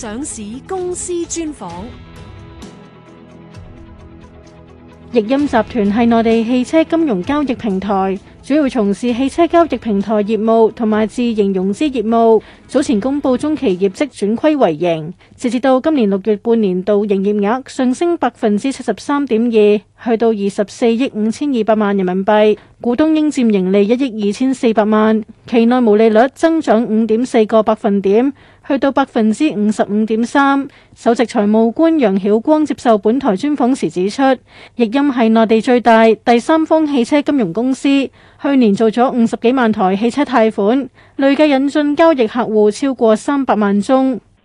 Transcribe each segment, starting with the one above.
上市公司專訪，易鑫集團係內地汽車金融交易平台，主要從事汽車交易平台業務同埋自營融資業務。早前公佈中期業績轉虧為盈，直至到今年六月半年度營業額上升百分之七十三點二，去到二十四億五千二百萬人民幣，股東應佔盈利一億二千四百萬，期內毛利率增長五點四個百分點。去到百分之五十五點三，首席財務官楊曉光接受本台專訪時指出，易鑫係內地最大第三方汽車金融公司，去年做咗五十幾萬台汽車貸款，累計引進交易客戶超過三百萬宗。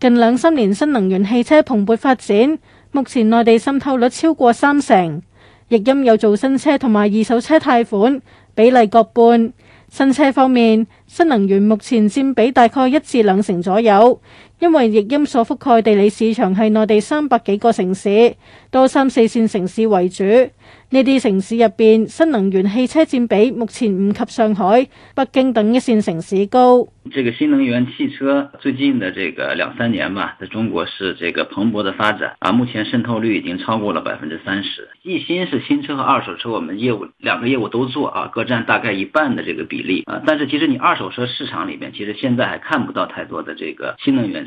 近兩三年新能源汽車蓬勃發展，目前內地滲透率超過三成，易鑫有做新車同埋二手車貸款比例各半。新車方面，新能源目前占比大概一至兩成左右。因為易鑫所覆蓋地理市場係內地三百幾個城市，多三四線城市為主。呢啲城市入邊，新能源汽車佔比目前唔及上海、北京等一線城市高。這個新能源汽車最近的這個兩三年嘛，在中國是這個蓬勃的發展啊。目前滲透率已經超過了百分之三十。易鑫是新車和二手車，我們業務兩個業務都做啊，各佔大概一半的這個比例啊。但是其實你二手車市場裏面，其實現在還看不到太多的這個新能源。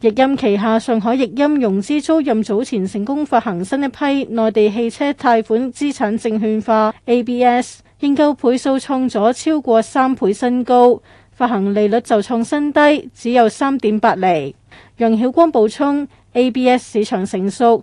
易鑫旗下上海易鑫融資租賃早前成功發行新一批內地汽車貸款資產證券化 ABS，認購倍數創咗超過三倍新高，發行利率就創新低，只有三點八厘。楊曉光補充，ABS 市場成熟。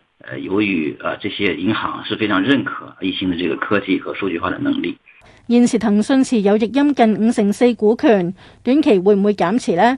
由於啊，這些銀行是非常認可易鑫的這個科技和數據化的能力。現時騰訊持有易鑫近五成四股權，短期會唔會減持呢？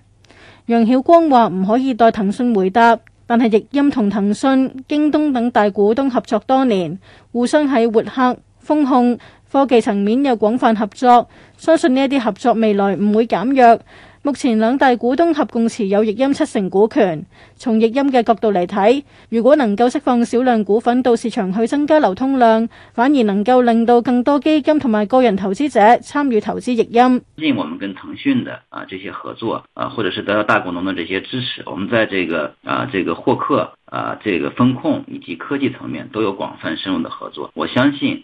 楊曉光話唔可以代騰訊回答，但係易鑫同騰訊、京東等大股東合作多年，互相喺活客、風控、科技層面有廣泛合作，相信呢一啲合作未來唔會減弱。目前兩大股東合共持有易鑫七成股權。從易鑫嘅角度嚟睇，如果能夠釋放少量股份到市場去增加流通量，反而能夠令到更多基金同埋個人投資者參與投資易鑫。最近我們跟騰訊的啊這些合作啊，或者是得到大股東的這些支持，我們在這個啊這個獲客啊這個風控以及科技層面都有廣泛深入的合作。我相信。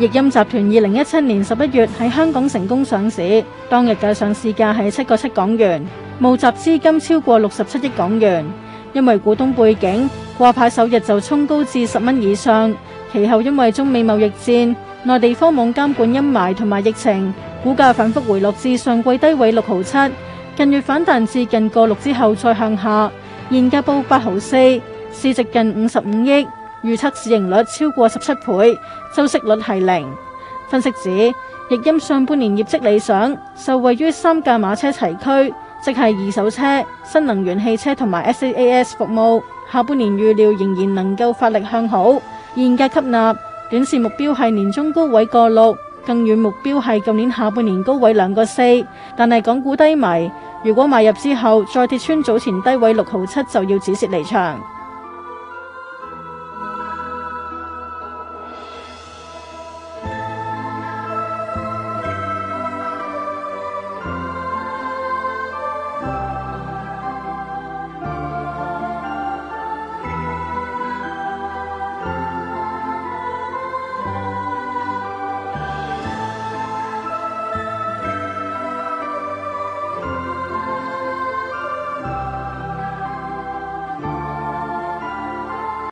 易鑫集團2017年11月喺香港成功上市，當日嘅上市價係7個7港元，募集資金超過67億港元。因為股東背景掛牌，首日就衝高至10蚊以上，其後因為中美貿易戰內地科網監管陰霾同埋疫情，股價反覆回落至上季低位6毫7，近月反彈至近個6，之後再向下，現價報8毫4，市值近55億。預測市盈率超過十七倍，周息率係零。分析指亦因上半年業績理想，受惠於三駕馬車齊驅，即係二手車、新能源汽車同埋 SaaS 服務。下半年預料仍然能夠發力向好。現價吸納，短線目標係年中高位個六，更遠目標係今年下半年高位兩個四。但係港股低迷，如果買入之後再跌穿早前低位六毫七，就要止蝕離場。